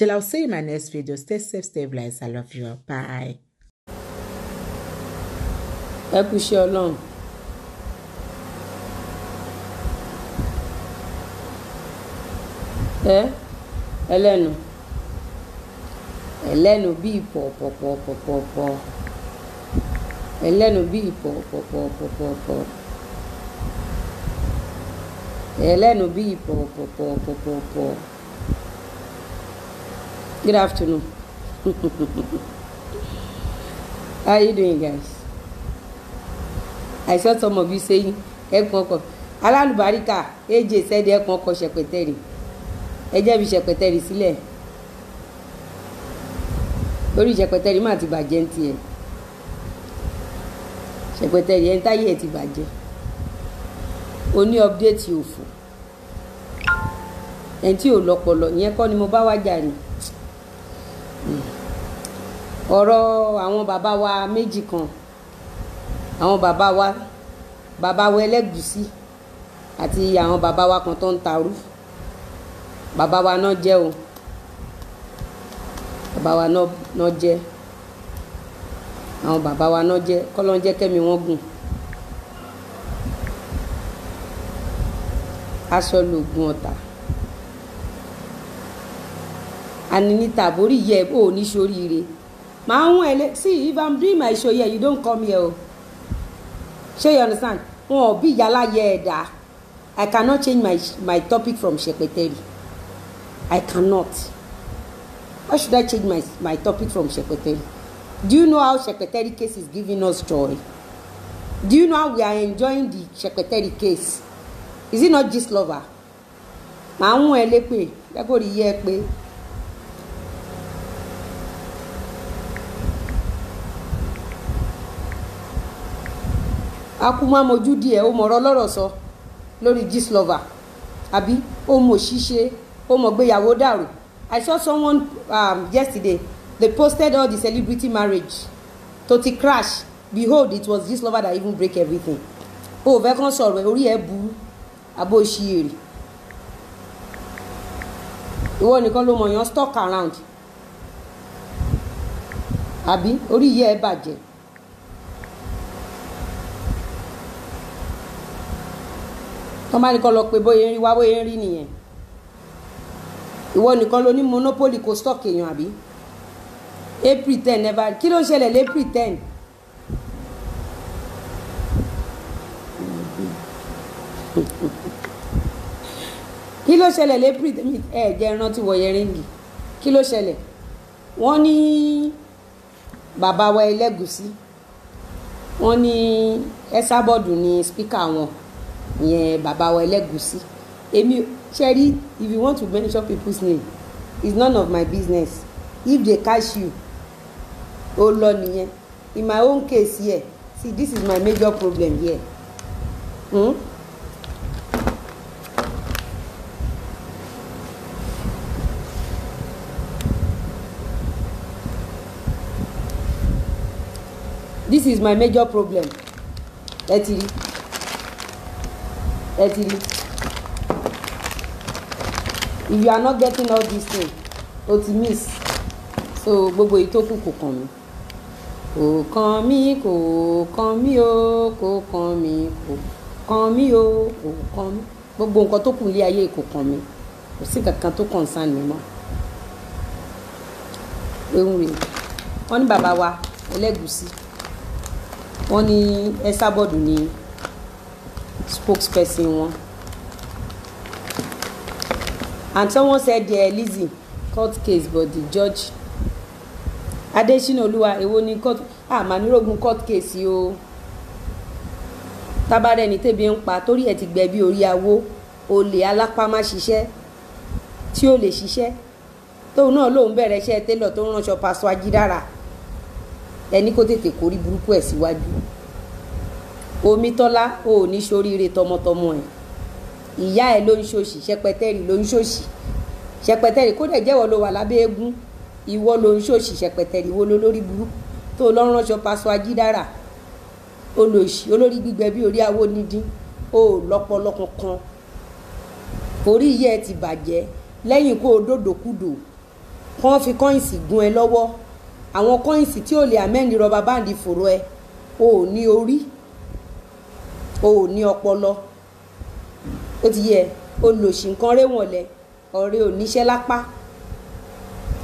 Till I'll see you in my next video. Stay safe, stay blessed. I love you. Bye. Ẹ kú iṣẹ́ Ọlọ́run. Ẹ ẹlẹ́nu ẹlẹ́nu bíi pọ̀pọ̀pọ̀pọ̀pọ̀ ẹlẹ́nu bíi pọ̀pọ̀pọ̀pọ̀pọ̀ ẹlẹ́nu bíi pọ̀pọ̀pọ̀pọ̀pọ̀. Good afternoon. How are you doing, guys? I saw some of you saying, ẹkùn ọkọ̀. Alálùbáríkà AJ said ẹkùn ọkọ̀ ṣẹ̀pẹ̀tẹ̀rì. Ẹ jẹ́ bí ṣẹ̀pẹ̀tẹ̀rì sílẹ̀. Orí ṣẹ̀pẹ̀tẹ̀rì máa ti bàjẹ́ ń tiẹ̀. Ṣẹ̀pẹ̀tẹ̀rì ẹ̀ ń táyé ẹ̀ ti bàjẹ́. O ní update òfò. Ẹ̀ ń tí ò lọ́pọlọ, ìyẹn kọ́ ni mo bá wá jà ni ọ̀rọ̀ àwọn bàbá wa méjì kan àwọn bàbá wa bàbá wa ẹlẹ́gùsí àti àwọn bàbá wa kan tó ń tarú bàbá wa náà jẹ́ o bàbá wa náà jẹ́ àwọn bàbá wa náà jẹ́ kọ́lọ́n jẹ́ kẹ́mi wọ́n gùn aṣọ lògùn ọ̀tá àní níta àbórí yẹ ò ní ṣoríire. My see, if I'm doing my show here, you don't come here. Show you understand? Oh, be yala yeda. I cannot change my my topic from secretary. I cannot. Why should I change my, my topic from secretary? Do you know how secretary case is giving us joy? Do you know how we are enjoying the secretary case? Is it not just lover? Màá ń lépè, ẹ akumamojú díẹ̀ ó mọ̀rọ̀ lọ́rọ̀ sọ lórí Gistlover àbí ó mọ̀ ṣíṣe ó mọ̀ gbéyàwó dàrú I saw someone um, yesterday they posted all the celebrity marriage tó ti crash behold it was lover that even break everything o fẹ́ kàn sọ̀rọ̀ orí ẹ̀ burú àbó ṣí èrè ìwọ nìkan ló mọ̀ yàn stock around àbí orí yẹ ẹ bàjẹ́. tọ́mọ nìkan lọ pé bóyá ń rí wá bóyá ń nìyẹn ìwọ nìkan ló ní monopoly kò stock èèyàn àbí april ten never kí ló ń ṣẹlẹ̀ l'April ten. kí ló ṣẹlẹ̀ l'April ten ẹ̀ jẹ́ rántí wọ yẹrìngì kí ló ṣẹlẹ̀ wọ́n ní bàbá wa Ẹlẹ́gùṣí wọ́n ní Ẹsábọ̀dù ní spíkà wọn ìyẹn bàbá wa Ẹlẹ́gùṣí èmi ṣẹ́rí if you want to mention people's name it's none of my business if they catch you ó lọ nìyẹn in my own case here see this is my major problem here. Hmm? this is my major problem ẹ ti rí ẹ if you are not getting all these things o ti miss so gbogbo ìtókù kò kàn mí kò kàn mí kò kàn mí o kò kàn mí kò kàn mí o kò kàn mí gbogbo nǹkan tó kù lé ayé kò kàn mí kò sí kankan tó concern mi mọ́ ohun rèé wọ́n ní bàbá wa Ẹlẹ́gùṣì wọ́n ní Ẹsábọ̀dù ni spokesperson wọn and someone said there Lizzie court case but the judge Adesina Oluwa èwo ni court ah manirogun court case o tábàárẹ̀ ní tèbi ń pa torí ẹ̀ ti gbẹ bí orí awó olè alápámáṣiṣẹ́ tí ó lè ṣiṣẹ́ tóun náà lòun bẹ̀rẹ̀ iṣẹ́ télọ̀ tó ń ránṣọ pàṣọ ajídára ẹni kó tètè kórí burúkú ẹ̀ síwájú. Si Omítọ́lá o ò ní ṣoríire tọmọtọmọ ẹ̀ ìyá ẹ̀ ló ń ṣòṣì ṣẹpẹtẹ́rì ló ń ṣòṣì ṣẹpẹtẹ́rì kó dẹ̀ jẹ́wọ́ ló wà lábẹ́ eégún ìwọ ló ń ṣòṣì ṣẹpẹtẹ́rì wo ló lórí burúkú tó lọ ránṣọ paṣọ ajídára olóṣì olórí gbígbẹ bí orí awó nídìí o ò lọ́pọlọ kankan orí iyẹ ti bàjẹ́ lẹ́yìn kó o dòdòkudò kán fi kọ́ìnsì gún ẹ lọ́wọ́ àwọn kọ́ìnsì tí ò lè amẹ́ni rọba báǹdì fòrò ẹ o ní orí o ò ní ọpọlọ ó ti yẹ olòṣì nǹkan réwọ̀nlẹ̀ ọ̀rẹ́ oníṣẹ́ lápá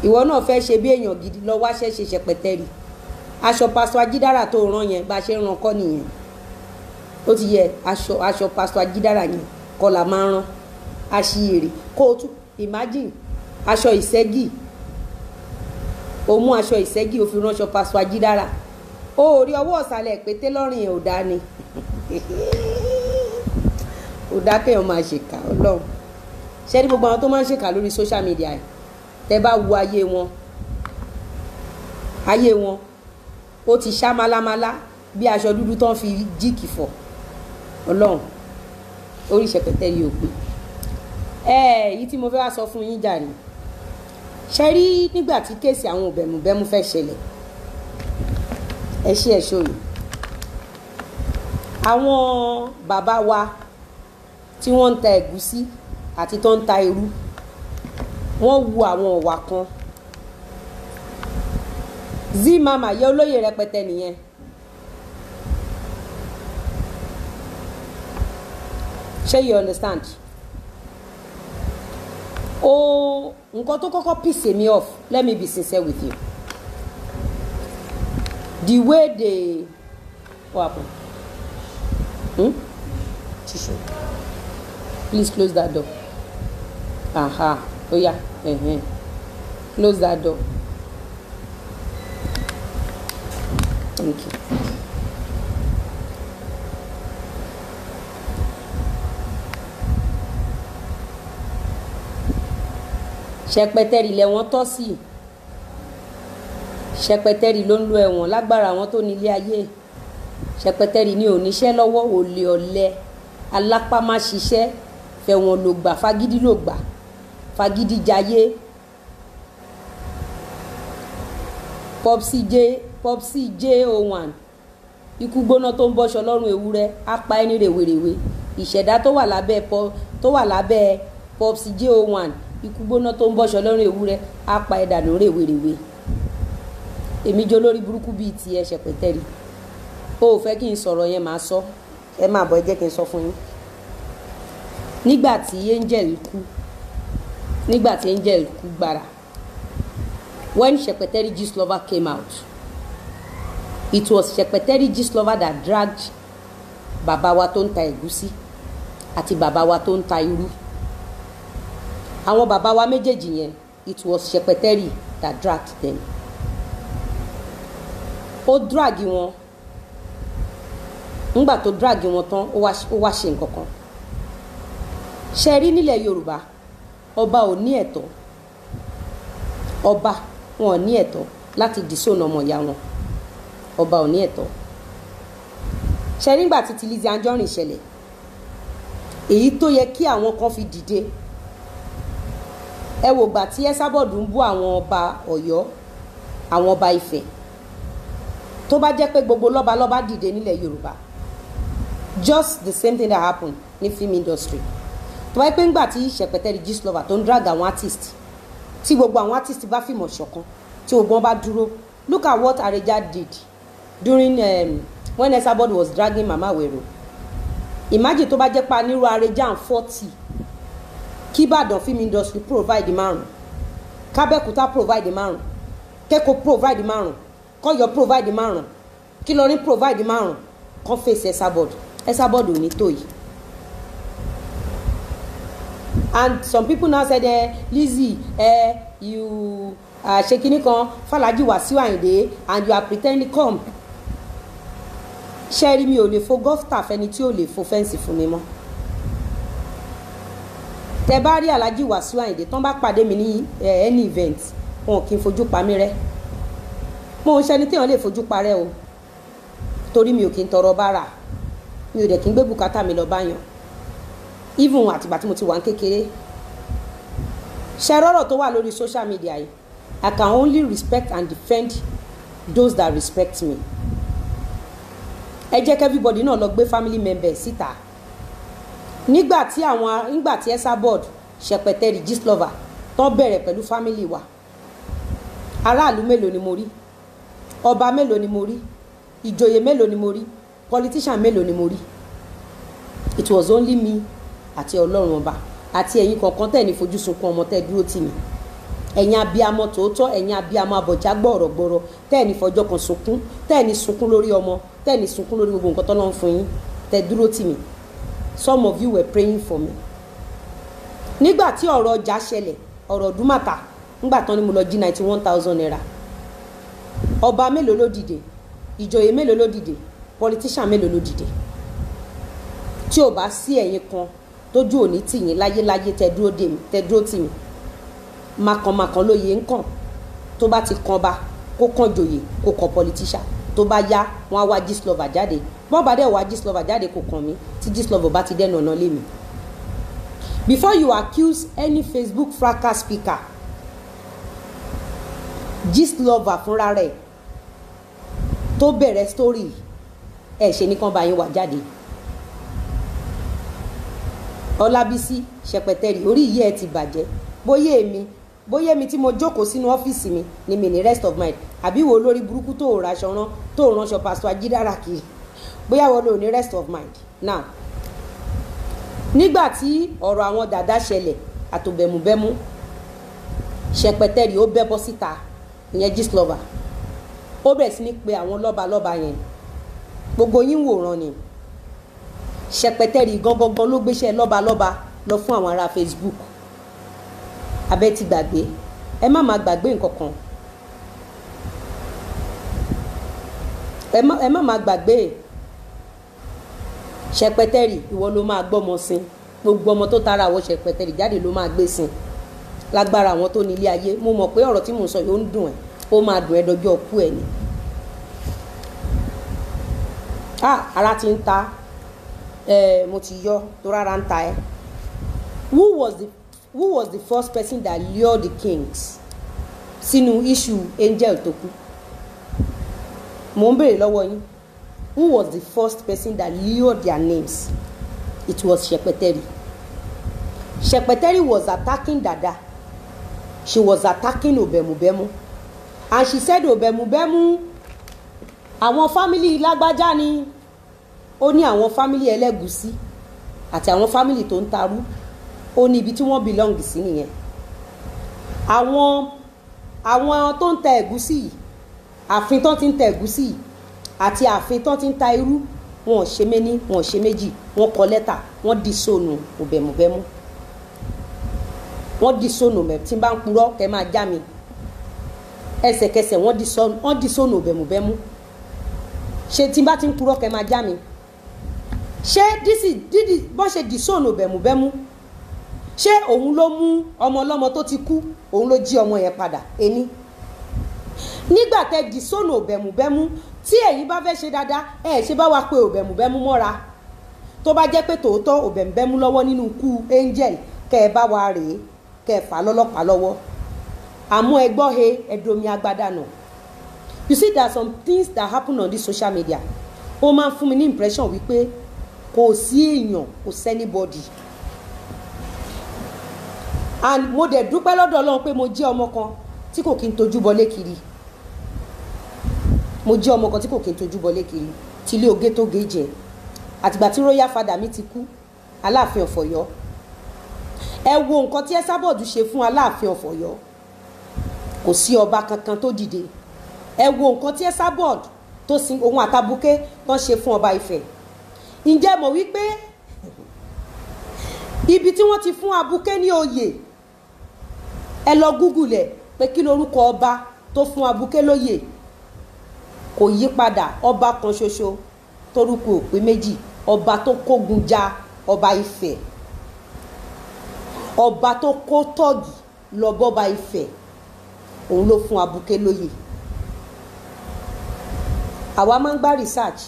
ìwọ náà fẹ́ ṣe bí èèyàn gidi lọ wá ṣẹ́ ṣe ṣẹpẹtẹ́rì aṣọ pásọ ajídára tó rán yẹn bá ṣe ń ran kọ́ nìyẹn ó ti yẹ aṣọ aṣọ pásọ ajídára yẹn kọ́ la máa ń rán aṣiyèrè kó o tún imagine aṣọ ìṣẹ́gì o mú aṣọ ìṣẹ́gì o fi ránṣọ pásọ ajídára o ò rí ọwọ́ ọ̀sàlẹ̀ pété lọ́rìn ẹ̀ ò dá ni kò dákẹ́ ọmọ àṣekà ọlọ́run ṣé ní gbogbo àwọn tó máa ń ṣèkà lórí social media yìí tẹ́ bá wo ayé wọn ayé wọn ó ti ṣá málámálá bí aṣọ dúdú tán fi jíìkì fọ̀ ọlọ́run orí ṣẹpẹtẹ yìí ò pé ẹ èyí tí mo fẹ́ wá sọ fún yín jà ni ṣe rí nígbà tí kéèsì àwọn òbẹ̀mùbẹ́mú fẹ́ ṣẹlẹ̀ ẹ ṣí ẹ̀ ṣòyìn àwọn bàbá wa tí wọ́n ń ta ẹ̀gúsí àti tó ń ta irú wọ́n wu àwọn ọ̀wà kan zi mama yẹ olóyè rẹpẹtẹ nìyẹn ṣé you understand o nǹkan tó kọ́kọ́ piss me off let me be sincere with you the way they what happened. Hmm? Chishu. Please close that door. Aha. Oh yeah. Uh-huh. Close that door. Thank you. ṣẹpẹtẹrì lẹwọn tọ sí ṣẹpẹtẹrì ló ń lo ẹ̀wọ̀n lágbára àwọn tó ní ilé ayé ṣẹpẹtẹrì ni oníṣẹ́ lọ́wọ́ olè ọ̀lẹ alápámáṣiṣẹ́ fẹ̀wọ̀n ló gbà fagídí ló gbà jayé popsi j popsi j01 ikú gbóná tó ń bọ́ṣọ lọ́rùn ewúrẹ́ apá ẹni rèwerèwe ìṣẹ̀dá tó wà lábẹ́ tó wà lábẹ́ popsi j01 ikú gbóná tó ń bọ́ṣọ lọ́rùn ewúrẹ́ apá ẹ̀dà lórèwerèwe èmi jọ lórí burúkú bíi tiẹ̀ ṣẹ̀pẹ̀tẹ̀rì o ò fẹ́ kí n sọ̀rọ̀ yẹn màá sọ ẹ máa bọ̀ ẹ jẹ́ kí n sọ fún yín nígbà tí angel kú nígbà tí angel kú gbára when Shepeteri Gislover came out it was Shepeteri Gislover that dragged bàbá wa tó ń ta ẹ̀gúsí àti bàbá wa tó ń ta irú àwọn bàbá wa méjèèjì yẹn it was Shepeteri that dragged them ó drag wọn ńgbà to drag wọn tán ó wá ṣe nǹkan kan ṣe rí nílẹ̀ yorùbá ọba ò ní ẹ̀tọ́ ọba wọn ò ní ẹ̀tọ́ láti dìsónà ọmọ ìyá wọn ọba ò ní ẹ̀tọ́ ṣe rí ńgbà títí Lizzy Anjorin ṣẹlẹ̀ èyí tó yẹ kí àwọn kan fi dìde ẹ wò gbà tí ẹ sábọ̀dù ń bú àwọn ọba ọ̀yọ́ àwọn ọba ifẹ̀ tó bá jẹ́ pé gbogbo lọ́balọ́ba dìde nílẹ̀ yorùbá just the same thing that happen ní film industry tó wáyé pé ńgbà tí ṣẹpẹtẹ di gist lover tó ń drag àwọn artist tí gbogbo àwọn artist bá fìmọ̀ ṣọ̀kan tí gbogbo bá dúró look at what Areja did during um, when Esabod was dragging Mama Wero imagine tó bá jẹ́ pa nírú Areja and forty kí Ìbàdàn film industry provide márùn kábẹ́kúta provide márùn kẹ́kọ̀ọ́ provide márùn kọ́yọ̀ provide márùn kí lọ́rin provide márùn kan face Esabod. Esabod Onitoyi. And some people now said eh, Lizzie eh, you are ṣèkínní kan Fàlájì Wàsíù Àyìndé and you are pretending come ṣe rí mi ò lè fo gọ́fìtà fẹni tí ò lè fo fẹ́ǹsì fún mi mọ́ tẹ bá rí Alhaji Wasiu Ayinde tán bá pàdé mi ní eh, any event wọn kì í fojú pa mí rẹ́ mo ń ṣẹni téèyàn lè fojú parẹ́ o torí mi ò kì í tọrọ bára mi ò dẹ̀ kí n gbé bùkátà mi lọ báyàn even àtìgbà tí mo ti wà ń kékeré ṣe rọ́rọ̀ tó wà lórí social media yìí I can only respect and defend those that respect me ẹ jẹ́ kẹ́fíbọ̀dì náà lọ gbé family member síta nígbà tí àwọn nígbà tí ẹ́sà board ṣẹpẹtẹ́rì gistlover tó bẹ̀rẹ̀ pẹ̀lú family wa aráàlú mélòó ni mo rí ọba mélòó ni mo rí ìjòyè mélòó ni mo rí politician mélòó ni mo rí it was only me àti ọlọ́run ọba àti ẹ̀yin kọ̀ọ̀kan tẹ̀ ní fojú sunkún ọmọ tẹ́ dúró tì mí ẹ̀yin abiyamọ tòótọ́ ẹ̀yin abiyamọ abọ̀já gbọ̀rọ̀gbọ̀rọ̀ tẹ́ ẹ̀ ní fọjọ́ kan sunkún tẹ́ ẹ̀ ní sunkún lórí ọmọ tẹ́ ẹ̀ ní sunkún lórí gbogbo nǹkan tọ́lọ́run fún yín tẹ́ dúró tì mí some of you were praying for me. nígbà tí ọ̀rọ̀ ọjà ṣẹlẹ̀ ọ̀rọ̀ dùmàtà ńgbà tán ni mo lọ jí ninety one thousand naira ọba mélòó ló dìde ìjòyè mélòó ló dìde politician mélòó ló dìde tí ò bá sí ẹ̀yin kan tójú òní tì láyéláyé tẹ dúró dè mí tẹ dúró tì mí màkànmàkàn ló yẹ ń kàn tó bá ti kan ba kó kàn joyè kó kàn politician tó bá yá wọn á wá Gistlover jáde bọ́n bá dẹ̀ wá Gistlover jáde kò kàn mí tí Gistlover bá ti dẹ́nu ọ̀nà lé mi. Before you accuse any Facebook fracas speaker Gistlover fúnra rẹ̀ tó bẹ̀rẹ̀ story yìí ẹ ṣe nìkan bá yín wà jáde ọlábísí ṣẹpẹtẹrì orí yìí ẹ ti bàjẹ́ bóyá èmi bóyá èmi tí mo jókòó sínú ọ́fíìsì mi ni mi ní rest of mind àbí wo lórí burúkú tó o raṣọ rán tó o ránṣọ pàṣọ ajídára kiri bóyá wọn lò ní rest of mind now nígbà tí ọ̀rọ̀ àwọn dàda ṣẹlẹ̀ àtòbẹ̀mùbẹ̀mù ṣẹpẹtẹrì ó bẹ́ bọ́ síta ìyẹn gist lover ó bẹ̀rẹ̀ sí ní pe àwọn lọ́balọ́ba yẹn gbogbo yín wòran ni ṣẹpẹtẹrì gangan ló gbéṣẹ́ lọ́balọ́ba lọ fún àwọn ará Facebook abẹ́ ti gbàgbé ẹ má máa gbàgbé nǹkan kan ẹ má máa gbàgbé ṣẹpẹtẹrì ìwọ ló máa gbọ́mọ sin gbogbo ọmọ tó tara àwọ ṣẹpẹtẹrì jáde ló máa gbé sin lágbára àwọn tó ní ilé ayé mo mọ̀ pé ọ̀rọ̀ tí mò ń sọ yóò ń dùn ẹ́ ó máa dùn ẹ́ dọjọ́ ọkú ẹ̀ ni ha ara ti ń ta ẹ eh, mo ti yọ tó rárá ń ta ẹ who was the who was the first person that lured the kings sínú issue angel tó kú mo ń béèrè lọ́wọ́ yín who was the first person that lured their names it was Shepeteri Shepeteri was attacking Dada she was attacking Obemubemu and she said Obemubemu àwọn family lágbájá ni ó ní àwọn fámìlì ẹlẹ́gùsí àti àwọn fámìlì tó ń tarú ó ní ibi tí wọ́n belong sí nìyẹn àwọn àwọn tó ń ta ẹ̀gúsí yìí ààfin tó ti ń ta ẹ̀gúsí yìí àti ààfin tó ti ń ta irú wọn ò ṣe méní wọn ò ṣe méjì wọn kọ lẹ́tà wọn di sóònù òbẹ̀mùbẹ́mú wọ́n di sónù mẹ́ tí n bá ń purọ́ kẹ́ máa já mi ẹsẹ̀kẹsẹ̀ wọ́n di sónù bẹ̀mùbẹ̀mú ṣé tí n bá ti ń purọ́ kẹ́ máa já mi ṣé dídì bọ́n ṣe dìsóònù bẹ̀mùbẹ́mú ṣé òun ló mú ọmọ ọlọ́mọ tó ti kú òun ló jí ọmọ yẹn padà ẹni nígbà tẹ dìsóònù bẹ̀mùbẹ́mú tí ẹ̀yin bá fẹ́ ṣe dáadáa ẹ̀ ṣe bá wa pé òbẹ̀mùbẹ́mú mọ́ra tó bá jẹ́ pé tòótọ́ òbẹ̀mùbẹ́mú lọ́wọ́ nínú ikú angel kẹ́ ẹ bá wa rèé kẹ́ ẹ fà lọ́lọ́pàá lọ́wọ́ àmọ́ ẹ gbọ́ he you see there are some things that happen on this social media ó máa ń fún mi ní impression wípé kò sí èèyàn kò sẹ́nibọ́dì and mo dẹ̀ dúpẹ́ lọ́dọ̀ ọlọ́run pé mo jẹ́ ọmọ kan tí kò kí n tojú bọlé kiri mo jẹ́ ọmọ kan tí kò kí n tojú bọlé kiri tilé oge tó ge jẹ àtìgbà tí royal father mi ti kú aláàfin of Ọ̀yọ́ ẹ wo nǹkan tí Ẹsábọ̀dù ṣe fún aláàfin of kò sí ọba kankan tó dìde ẹ wo nǹkan tí Ẹsábọ̀dù tó sin òun àtàbùkẹ́ tó ń ṣe fún ọba Ifẹ̀ ǹjẹ́ mọ̀ wípé ibi tí wọ́n ti fún abuké ní oyè ẹ lọ gúgùlẹ̀ pé kí lorúkọ ọba tó fún abuké lóyè kò yí padà ọba kan ṣoṣo torúkọ òpin méjì ọba tó kógun ja ọba Ifẹ̀ ọba tó kó tọ́ọ̀gì lọ Ifẹ̀ òun ló fún abuké lóyè àwa máa ń gba research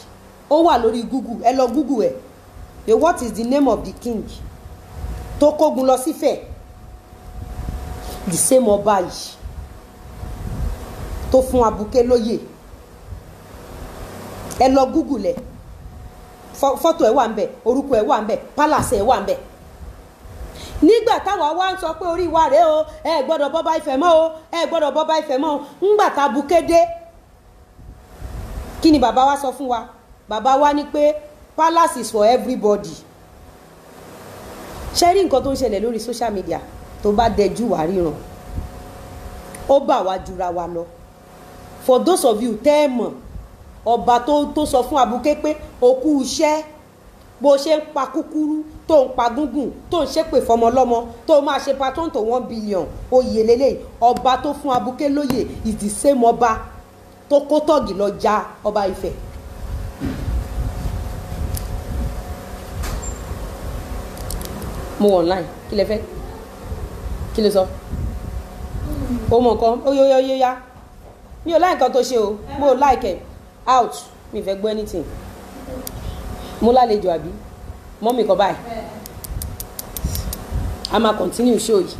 ó wà lórí google ẹ lọ google ẹ the what is the name of the king tó kógun lọ sífẹ̀ the same ọba yìí tó fún abuké lóyè ẹ lọ google ẹ fọ́tò ẹ̀ wà ń bẹ̀ orúkọ wà ń palace ẹ̀ wà ń wa nígbà táwa wá ń sọ pé orí wa rèé o ẹ gbọdọ bọba Ifẹ̀ o ẹ gbọdọ bọba Ifẹ̀ mọ́ o ńgbà tá a bu kéde kí ni bàbá wa sọ fún wa bàbá wa ní pé palace is for everybody ṣe rí nǹkan tó ń ṣẹlẹ̀ lórí social media tó bá dẹjú wà ríran ó bà wá jura wa lọ for those of you tẹ́ ẹ mọ̀ ọba tó tó sọ fún abuké pé òkú iṣẹ́ bó ṣe ń pa kúkúrú tó ń pa gúngùn tó ń ṣépè fọmọlọ́mọ tó máa ṣe patron tó one billion oyè lélẹ̀ ọba tó fún abuké lóyè is the same ọba tó kó tọ́gì lọ ja ọba Ifẹ̀. mo wà online kí lẹ fẹ́ kí ló sọ o mọ nǹkan ó yọ yọ yá mi ò láì nǹkan tó ṣe o mo ò láì kẹ out mi fẹ́ gbọ́ anything mo lálejò àbí mọ́mì kan báyìí a máa continue show yìí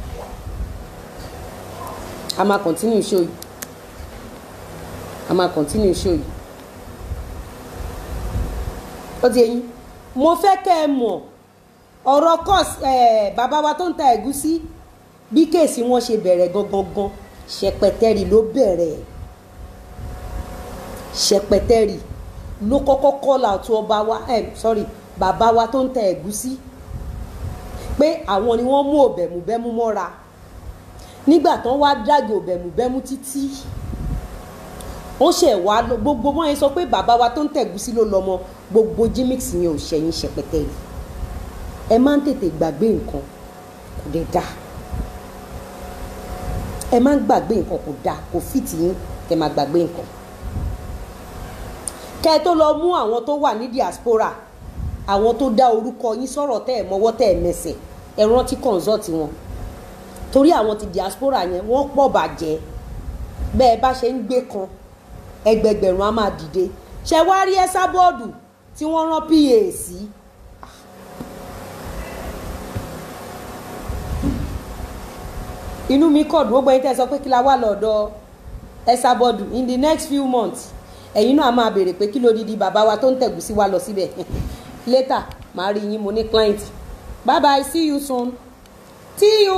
a máa continue show yìí a máa continue show yìí ó ti yẹ yín mo fẹ́ kẹ́ ẹ mọ̀ ọ̀rọ̀ kọ́s bàbá wa tó ń ta ẹ̀gúsí bí kéèsì wọn ṣe bẹ̀rẹ̀ gangan ṣẹpẹtẹrì ló bẹ̀rẹ̀ ṣẹpẹtẹrì ló kọ́kọ́ call out to ọba wa eh, sorry bàbá wa tó ń ta ẹ̀gúsí pé àwọn ni wọ́n mú òbẹ̀mùbẹ́mú mọ́ra nígbà tán wá dàgbé òbẹ̀mùbẹ́mú títí ó ṣe wá gbogbo wọn yẹn sọ pé bàbá wa tó ń tẹ̀gúsí ló lọ́mọ gbogbo jimix yẹn ò ṣẹ̀yìn ṣẹpẹtẹrì ẹ máa ń tètè gbàgbé nǹkan kò dé dáa ẹ máa ń gbàgbé nǹkan kò dáa kò fìtì yín kẹ máa gbàgbé nǹkan kẹ tó lọ mú àwọn tó wà ní diaspora àwọn tó dá orúkọ yín sọ̀rọ̀ tẹ́ ẹ̀ mọ́wọ́ tẹ́ ẹ̀ mẹsẹ̀ ẹ rántí consult wọn torí àwọn ti diaspora yẹn wọ́n pọ̀ bàjẹ́ bẹ́ẹ̀ bá ṣe ń gbé kan ẹgbẹgbẹ̀rún a máa dìde ṣẹ wá rí ẹ sábọ́ọ̀dù tí wọ́n rán pa sí. Si inú mi kọ̀ dùn ó gbẹ́yìn tẹ́ sọ pé kí la wà lọ́dọ̀ Ẹ̀sàbọ̀dù in the next few months ẹ̀yin náà máa béèrè pé kí ló didi bàbá wa tó ń tẹ̀gù sí wa lọ síbẹ̀ later màá rí yín mo ní client bye bye see you soon see you.